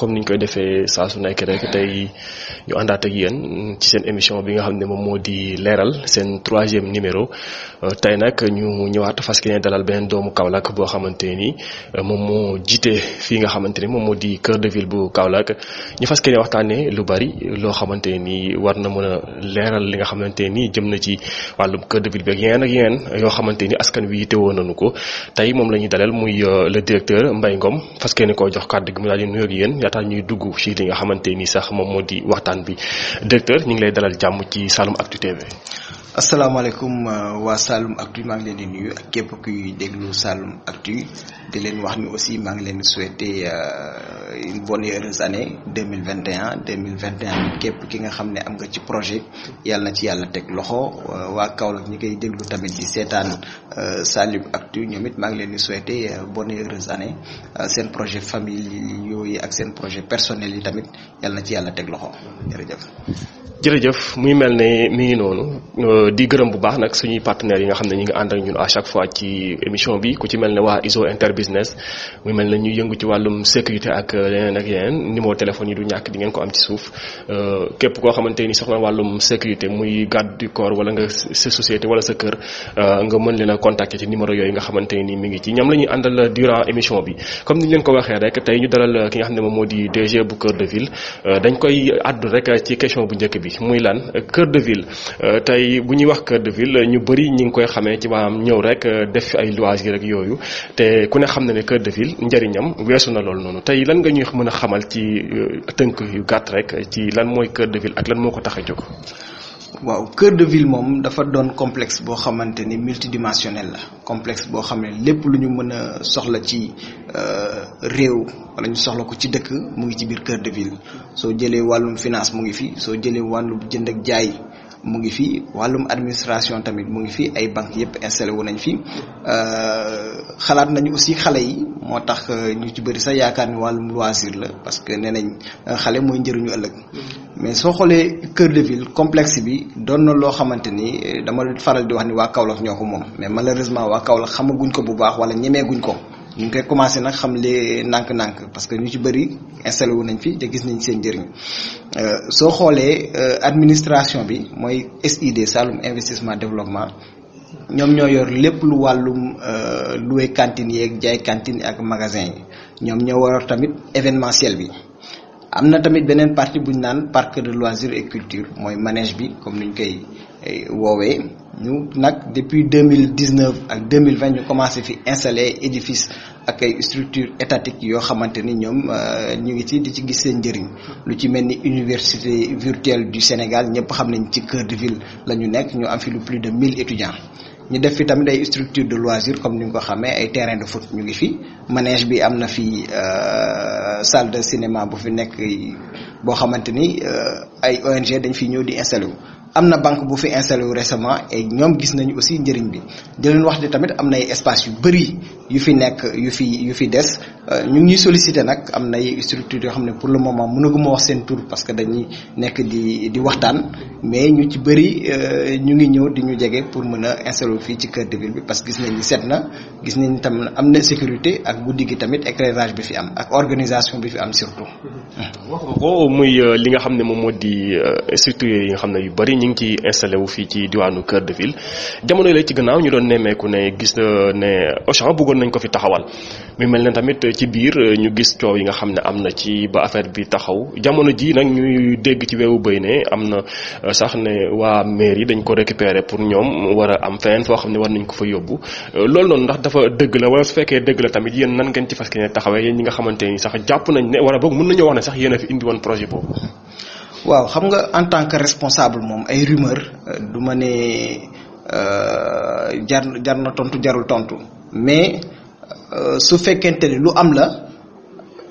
comme niñ koy défé sa su nek rek tay ñu andat ak yeen ci seen émission bi nga xamné mom modi léral di 3e numéro euh, tay nak ñu ñëwaat fas kene dalal benen doomu Kaolack bo xamante ni euh, moom moo jiite fii nga ni di cœur de ville bu Kaolack ñu fas kene waxtané lu bari lo xamante ni war na mëna léral li nga xamante ni jëm na ci wàllum cœur de ville bi ak ak yo askan wi yitewoo nañu ko tay mom la dalal muy euh, le directeur Mbaye Ngom fas kene ko jox kaddu gi mu di nuyoog yéen laata ñuy dugg ci li nga xamante ni sax moom moo di waxtaan bi directeur ñu ngi lay dalal jàmm ci Saloum Actu TV. asalaamaaleykum euh, waa Saloum Actu maa ngi leen di nuyu képp kuy déglu Saloum Actu di leen wax ni aussi maa ngi leen di souhaiter. Euh, Euh, une bonne et heureuse année 2021 2021 képp ki nga xamné am nga ci projet yalla na ci yalla tek loxo euh, waa Kaolack ñi koy déglu tamit di seetaan euh, Saloum Actu ñoom it maa ngi leen di souhaiter bonne et heureuse année sen projet famille yoy ak sen projet personnel yi tamit yalla na ci yalla tek loxo jërëjëf. jërëjëf muy mel ne mi ngi noonu euh, di gërëm bu baax nag suñuy partenaires yi nga xam ne ñi ngi ànd ak ñun à chaque fois ci émission bi ku ci mel ne waa ISO interbusiness muy mel ne ñu yëngu ci wàllum sécurité ak euh, leneen ak yeneen numéro téléphone yi du ñàkk di ngeen ko am ci suuf euh, képp koo xamante ni soxla wàllum sécurité muy garde du corps wala nga sa société wala sa kër nga mën leen a contacter ci numéro yooyu nga xamante ni mi ngi ci ñoom la ñuy àndal durant émission bi comme ni leen ko waxee rek tey ñu dalal ki nga xam ne moom moo di DG bu Cœur de Ville dañ koy àddu rek ci question bu njëkk bi muy lan kër de ville euh, tey bu ñuy wax kër de ville ñu bëri ñi ngi koy xamee ci am ñëw rek euh, def ay loisirs rek yooyu te ku ne xam na ne kër de ville njëriñam weesu na loolu noonu tey lan nga ñu mën a xamal ci euh, tënk yu gàtt rek ci lan mooy kër de ville ak lan moo ko tax a jóg. waaw cœur de ville moom dafa doon complexe boo xamante ni multidimensionnel la complexe boo xam ne lépp lu ñu mën a soxla ci euh, réew wala ñu soxla ko ci dëkk mu ngi ci biir cœur de ville soo jëlee wàllum finance mu ngi fi soo jëlee wàllum jënd ak jaay mu ngi fi wàllum administration tamit mu ngi fi ay banque yëpp installé wu nañ fi euh, xalaat nañu aussi xale yi moo tax euh, ñu ci bëri sax yaakaar ni wàllum loisir la parce que nee nañ xale mooy njëriñu ëllëg mais soo xoolee cœur de complexe bi doon na loo xamante ni eh, dama faral di wax ni waa Kaolack ñoo ko moom mais malheureusement waa Kaolack xamaguñ ko bu baax wala ñemeeguñ ko ñu ngi koy commencé nag xam le nànk-nànk parce que ñu ci bëri installé wu nañ fii te gis nañ seen njëriñ euh, soo xoolee euh, administration bi mooy SID Saloum investissement développement ñoom ñoo yor lépp lu wàllum euh, loué cantine yeeg jaay cantine ak magasin yi ñoom ñoo war tamit événementiel bi amna tamit benen partie buñ nane parc de loisirs et culture moy manège bi comme niñ eh, ñu koy depuis 2019 2020, ak 2020 ñu commencé fi installer édifice ak ay structures étatiques yo xamanteni ñom euh, ñu ngi ci di ci gis seen lu ci université virtuelle du Sénégal ñepp xam nañ ci cœur de ville la ñu nekk ñu am fi lu plus de 1000 étudiants. ñu def fi tamit ay structure de loisir comme ni nga ko xamee ay terrain de foot ñu ngi fi manège bi am na fi euh, salle de cinéma bu fi nekk boo xamante ni euh, ay ONG dañ fi ñëw di installé wu. am na banque bu fi installé wu récemment et ñoom gis nañu aussi njëriñ bi di leen wax ne tamit am na ay espace yu bëri yu fi nekk yu fi yu fi des euh, ñu ngi ñuy nag am na ay structures yoo xam ne pour le moment mënaguma wax seen tur parce que dañuy nekk di di waxtaan mais ñu ci bëri euh, ñu ngi ñëw di ñu jege pour mën a installé fii ci kër de ville bi parce que gis nañ ni set na gis nañ ni tam am na sécurité ak guddi gi tamit éclairage bi fi am ak organisation bi fi am surtout. Mmh. wax nga muy euh, li nga xam ne moom moo di structures yi nga xam ne yu bëri ñu ngi ciy installé wu fii ci diwaanu kër de ville jamono yi la ci gannaaw ñu doon nemmeeku ne gis na ne Auchan bëggoon nañ ko fi taxawal mi mel tamit ci biir euh, ñu gis ciow yi nga xamne amna ci ba affaire bi taxaw jamono ji nak ñuy dégg ci wéwu bëy amna euh, sax ne waa mairie dañ ko récupérer pour ñom war am fenn fo xamne war nañ ko fa yobbu euh, lool non ndax dafa dëgg la wala su fekkee dëgg la tamit yeen nan ngeen ci fas keneen taxawee yéen ñi nga xamante ni sax japp nañ ne wala bok mën nañoo wax ne sax yeen fi indi won projet bo waaw xam nga en tant que responsable mom ay rumeur duma né euh tontu jarul tontu mais euh, su fekkente ni lu am la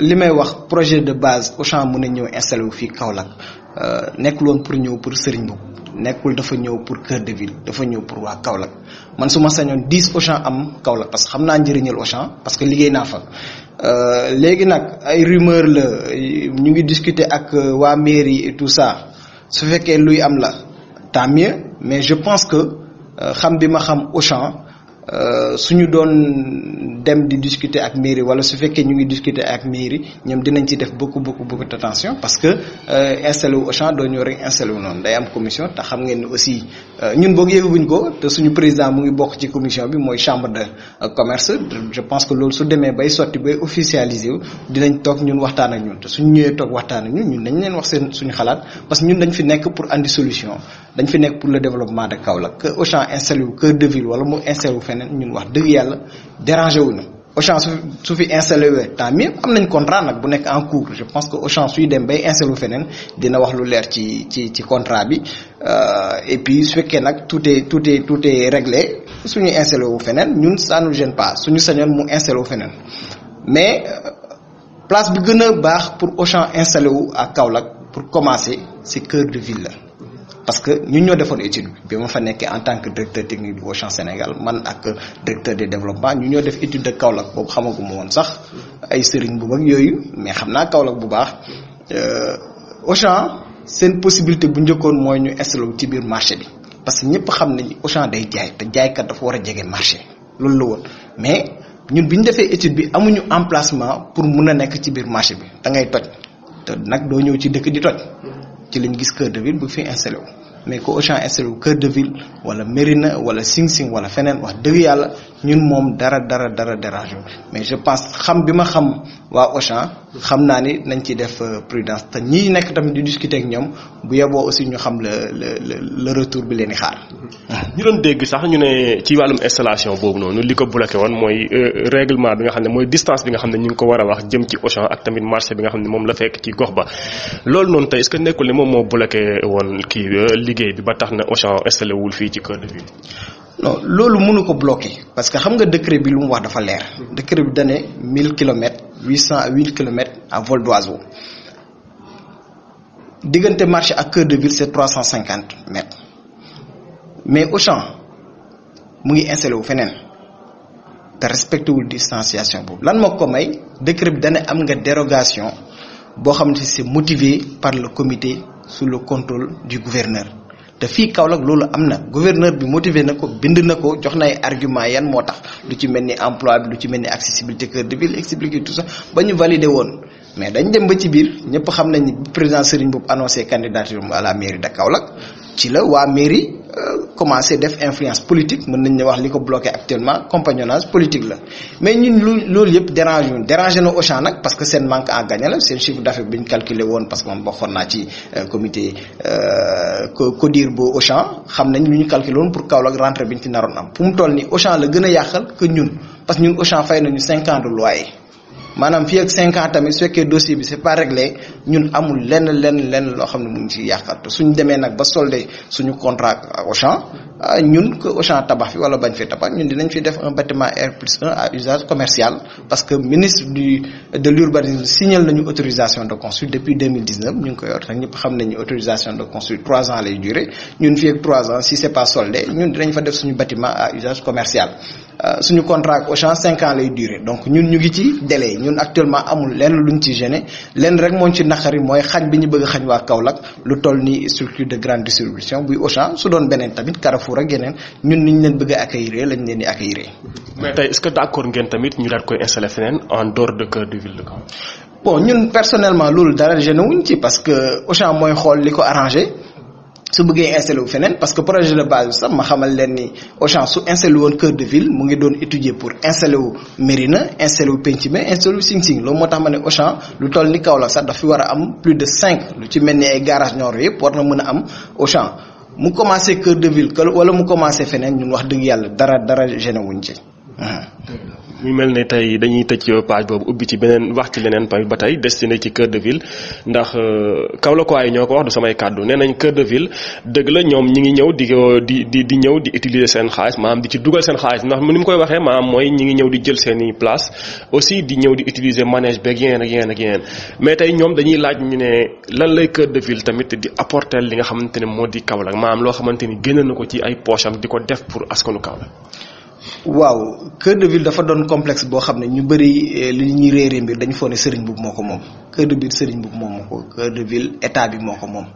li may wax projet de base au mën na ñëw installé wu fii Kaolack euh, nekkul woon pour ñëw pour Serigne Mboup nekkul dafa ñëw pour cœur de ville dafa ñëw pour waa Kaolack man su ma sañoon dix champ am Kaolack parce que xam naa njëriñal champ parce que liggéey naa fa. Euh, léegi nag ay rumeur la ñu ngi discuter ak waa mairie et tout ça su fekkee luy am la tant mieux mais je pense que xam bi ma xam champ euh, suñu doon dem di discuter ak mairie wala su fekkee ñu ngi discuter ak mairie ñoom dinañ ci def beaucoup beaucoup beaucoup d'attention parce que euh, installé wu Auchan doo ñëw rek installé wu noonu day am commission te xam ngeen ni aussi euh, ñun boog yëgaguñ ko te suñu président mu ngi bokk ci commission bi mooy chambre de commerce je pense que loolu su demee bay sotti bay officialiser wu dinañ toog ñun waxtaan ak ñun te suñu ñëwee toog waxtaan ak ñun ñun dañ leen wax seen suñu xalaat parce que ñun dañ fi nekk pour andi solution dañ fi nekk pour le développement de Kaolack que Auchan installé wu cœur de ville wala mu installé wu feneen ñun wax dëgg yàlla dérangé wu na Auchan su fi installé wee tant mieux am nañ contrat nag bu nekk en cours je pense que Auchan suy dem bay installé wu feneen dina wax lu leer ci ci ci contrat bi euh, et puis su fekkee nag tout est tout est tout est réglé suñu installé wu feneen ñun ça nous gêne pas suñu sañoon mu installé wu feneen mais euh, place bi gën a pour Auchan installé wu à Kaolack pour commencer c'est cœur de ville la parce que ñun ñoo defoon étude bi ma fa nekkee en tant que directeur technique du Auchan Sénégal man ak directeur de développement ñu ñoo def étude de Kaolack boobu xamaguma woon sax ay sëriñ bu mag yooyu mais xam naa Kaolack bu baax euh, Auchan seen possibilité bu njëkkoon mooy ñu installé ci biir marché bi parce que ñëpp xam nañu Auchan day jaay te jaaykat dafa war a jege marché loolu la woon mais ñun bi ñu defee étude bi amuñu emplacement pour mun a nekk ci biir marché bi da ngay toj te nag doo ñëw ci dëkk di toj ci lañ gis cœur de ville bu fi installé wu. mais que Auchan installé wu Cœur de Ville wala Mérina wala Sing wala feneen wax dëgg yàlla ñun moom dara dara dara dérange mais je pense xam bi ma xam waa Auchan xam naa ni nañ ci def euh, prudence te ñi nekk tamit di discuter ak ñoom bu yeboo aussi ñu xam le le retour leen di ñu doon dégg sax ñu ne ci wàllum installation boobu noonu li ko bloqué woon mooy euh, règlement bi nga xam ne mooy distance bi nga xam ne ñu ngi ko war a wax jëm ci Auchan ak tamit marché bi nga xam ne moom la fekk ci gox ba loolu noonu tey est-ce que nekkul ne moom moo bloqué woon kii euh, liggéey bi ba tax na Auchan installé wul fii ci kër de non loolu mënu ko bloqué parce que xam nga décret bi lu mu wax dafa leer décret bi dane mille kilomètres huit cent à huit kilomètres à vol d'oiseau diggante marché à cœur de ville c'est 350 mètres mais au mu ngi installé wu feneen te respecté wul distanciation boobu lan moo ko may décret bi dane am nga dérogation boo xam ne c'est motivé par le comité sous le contrôle du gouverneur te fii Kaolack loolu am na gouverneur bi motivé na ko bind na ko jox na ay argument yan moo tax lu ci mel ni emploi bi lu ci mel ni accessibilité cœur de ville expliqué tout sax ba ñu validé woon mais dañ dem ba ci biir ñëpp xam nañ ni président Serigne bu annoncé candidature à la mairie de Kaolack ci la waa mairie commencer def influence politique mën nañ wax liko actuellement compagnonnage politique mais nous, lool loolu dérange ñu dérangé na Auchan parce que c'est un manque à gagner c'est un chiffre d'affaires bi calculé parce que man bokkoon un ci euh, comité euh, CODIR bu Auchan xam nañ calculé pour Kaolack rentrée rentrer ñu ci le am fu toll ni Auchan la gëna que ñun parce que ñun Auchan fay nañu cinq ans de loyer maanaam fii ak cinq tamit su fekkee dossier bi c'est pas réglé ñun amul lenn lenn lenn loo xam ne mu ngi ciy yàqat suñu demee nag ba soldé suñu contrat ak Auchan Ah, ñun que Auchan tabax fi wala bañ fi tabax ñun dinañ fi def un bâtiment R plus 1 à usage commercial parce que ministre du de l'urbanisme signal nañu autorisation de construire depuis 2019 ñu ngi ko yor nag xam nañu autorisation de construire 3 ans lay durer ñun fi ak 3 ans si c'est pas soldé ñun dinañ fa def suñu bâtiment à usage commercial euh, suñu contrat ak Auchan 5 ans lay durer donc ñun ñu ngi ci délai ñun actuellement amul lenn luñ ci gêné lenn rek moñ ci naqari moy xañ bi ñu bëgg a xañ waa lu toll ni structure de grande distribution bu Auchan su doon benen tamit Carrefour Carrefour ak yeneen ñun ñu leen bëgg accueillir lañ leen di accueillir. mais tey est-ce que d'accord ngeen tamit ñu daal koy installer fenen en dehors de cœur de ville de Caen. bon ñun personnellement loolu dara gêné wuñ ci parce que au champ moy xol liko arranger su bëggee installé wu feneen parce que projet de base bi sax ma xamal leen ni au champ su installé woon cœur de ville mu ngi doon étudier pour installé wu Mérina installé wu mais installé wu Sing Sing loolu moo tax ma ne Auchan lu toll ni Kaolack sax daf fi war a am plus de 5 lu ci mel ni ay garage ñor yëpp war na mën a am champ mu commencé cœur de ville wala mu commencé feneen ñun wax dëgg yàlla dara dara gêné wuñ ci mu mel ne tey dañuy tëj page boobu ubbi ci beneen wax ci leneen page ba tey destiné ci cœur de ville ndax euh, Kaolack waaye ñoo ko wax du samay kàddu nee nañ cœur de ville dëgg la ñoom ñi ngi ñëw di euh, di di di ñëw di utiliser seen xaalis maanaam di ci dugal seen xaalis ndax ni mu koy waxee maam mooy ñi ngi ñëw di jël seen i place aussi di ñëw di utiliser manège beeg yeneen ak yeneen ak yeneen mais tey ñoom dañuy laaj ñu ne lan lay cœur de ville tamit di apporter li nga xamante ne moo di Kaolack maanaam loo xamante ni génn na ko ci ay poche am di ko def pour askanu Kaolack waaw Cœur de Ville dafa doon complexe boo xam ne ñu bëri eh, li ñuy réeree mbir dañu foog ne sëriñ boobu moo ko moom Cœur de Ville sëriñ boobu moom moo ko Cœur de Ville état bi moo ko moom.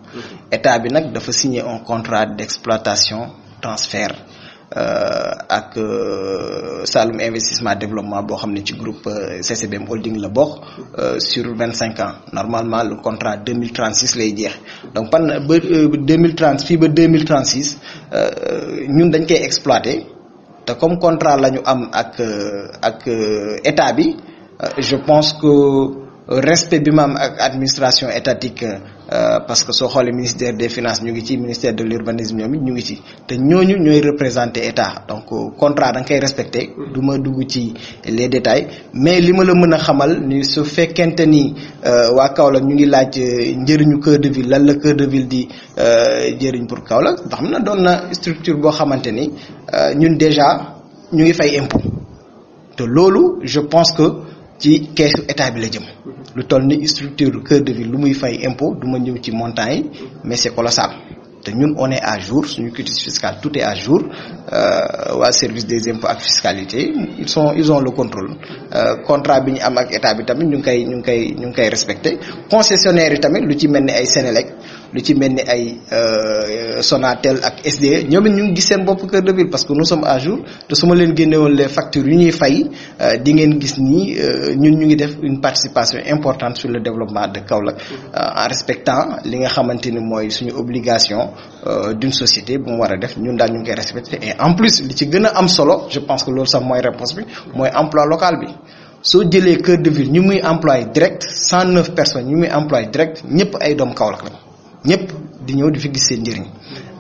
état bi nag dafa signé un contrat d'exploitation transfert euh, ak euh, Saloum investissement développement boo xam ne ci groupe euh, CCBM holding la bokk sur 25 ans normalement le contrat 2036, lay jeex donc pan ba deux mille fii ba 2036 mille ñun dañ koy exploiter. Comme comme contrat la établi ak ak euh, je pense que respect de l'administration administration étatique euh, parce que sont les ministère des finances ñu ngi ci ministère de l'urbanisme ñoom it ñu ngi ci te ñooñu ñooy représenter état donc euh, contrat da nga koy respecté du ma dugg ci les détails mais li ma la mën a xamal ni su fekkente ni euh, waa Kaolack ñu ngi laaj njëriñu cœur de ville lan la cœur de ville di njëriñ pour Kaolack ndax xam na doon na structure boo xamante ni ñun déjà ñu ngi fay impôt te loolu je pense que ci est état bi la jëm lu toll ni structure cœur de ville lu muy fay impôt du ma ñëw ci montant yi mais c'est colossal te ñun on est à jour suñu culture fiscale tout est à jour euh, wa service des impôts ak fiscalité ils sont ils ont le contrôle euh, contrat bi ñu am ak état bi tamit ñu ngi ñu ngi ñu ngi koy respecté concessionnaire yi tamit lu ci mel ni ay Sénélec lu ci mel ni ay euh, Sonatel ak SDE ñoom ñu ngi gis seen bopp Cœur de Ville parce que nous sommes à jour te su ma leen génnewoon les factures yu ñuy fay euh, di ngeen gis ni euh, ñun ñu ngi def une participation importante sur le développement de Kaolack en respectant li nga xamante ni mooy suñu obligation d'une société bu mu war a def ñun daal ñu ngi koy respecté et en plus li ci gën a am solo je pense que loolu sax mooy réponse bi mooy emploi local bi soo jëlee Cœur de Ville ñu muy employé direct 109 personnes ñu muy employé direct ñëpp ay doom Kaolack la ñëpp di ñëw di fi gis seen njëriñ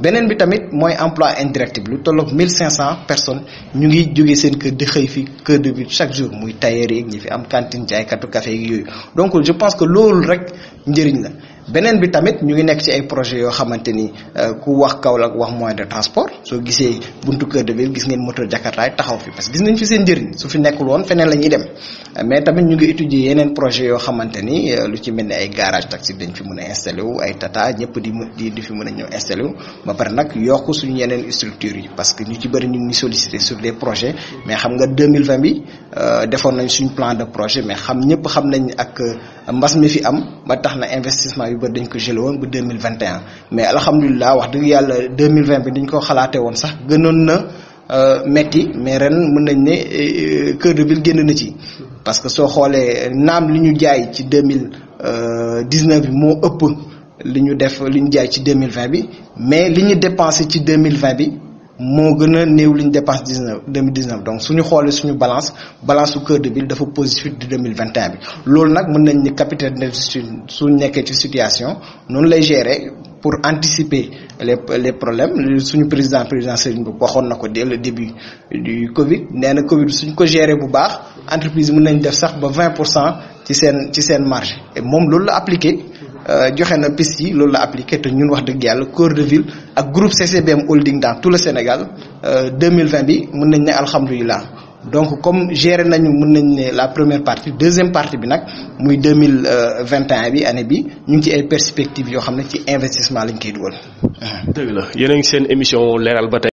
beneen bi tamit mooy emploi indirect bi lu tolloog 1500 personnes ñu ngi jógee seen kër di xëy fi kër de but chaque jour muy tailleur yeeg ñi fi am cantine jaaykatu café yeeg yooyu donc je pense que loolu rek njëriñ la. Benen bi tamit ñu ngi nekk ci ay projet yo xamanteni euh, ku wax kaolak wax moyen de transport so gisee buntu cœur de ville gis ngeen moteur jakarta taxaw fi parce que gis nañ fi seen njëriñ su fi nekkul woon feneen lañuy dem euh, mais tamit ñu ngi étudier yeneen projet yo xamanteni euh, lu ci melni ay garage taxi dañ fi mëna a installé wu ay tata ñepp di di di fi mëna ñëw installé wu ba par nak yokku suñu yeneen structure yi parce que ñu ci bari ñu ngi solliciter sur des projets mais xam nga 2020 bi defoon nañ suñu plan de projet mais xam ñepp xam nañ ak mbas mi fi am ba tax na investissement yu bëri dañ ko gelé woon 2021 mais alhamdulillah wax dëgg yàlla 2020 bi dañ ko xalaate woon sax gënoon na euh, metti mais ren mën nañ ne euh, cœur de ville génn na ci parce que soo xoolee naam li ñu jaay ci 2019 euh, bi moo ëpp li ñu def li jaay ci 2020 bi mais li ñu dépensé ci 2020 bi moo gën a néew li ñu dépense dix neuf deux donc suñu balance du Cœur de Ville dafa positif de deux mille vingt et un bi loolu nag mën nañ ni ci situation nous lay gérer pour anticiper les les problèmes suñu président président Serigne Boub waxoon na dès le début du Covid nee Covid suñ ko gérer bu baax entreprise l'entreprise nañ def sax de ses marges. ci marge et moom la appliqué. Euh, joxe na piste yi loolu la appliqué te ñun wax dëgg yàlla cœur de ville ak groupe CCBM holding dans tout le Sénégal 2020 euh, bi mën nañ ne alhamdulilah donc comme géré nañu mën nañ ne la première partie deuxième partie bi nag muy 2021 bi année bi ñu ngi ci ay perspectives yoo xam ne ci investissement lañ koy dugal. dëgg la yéen a ngi seen émission leeral ba tey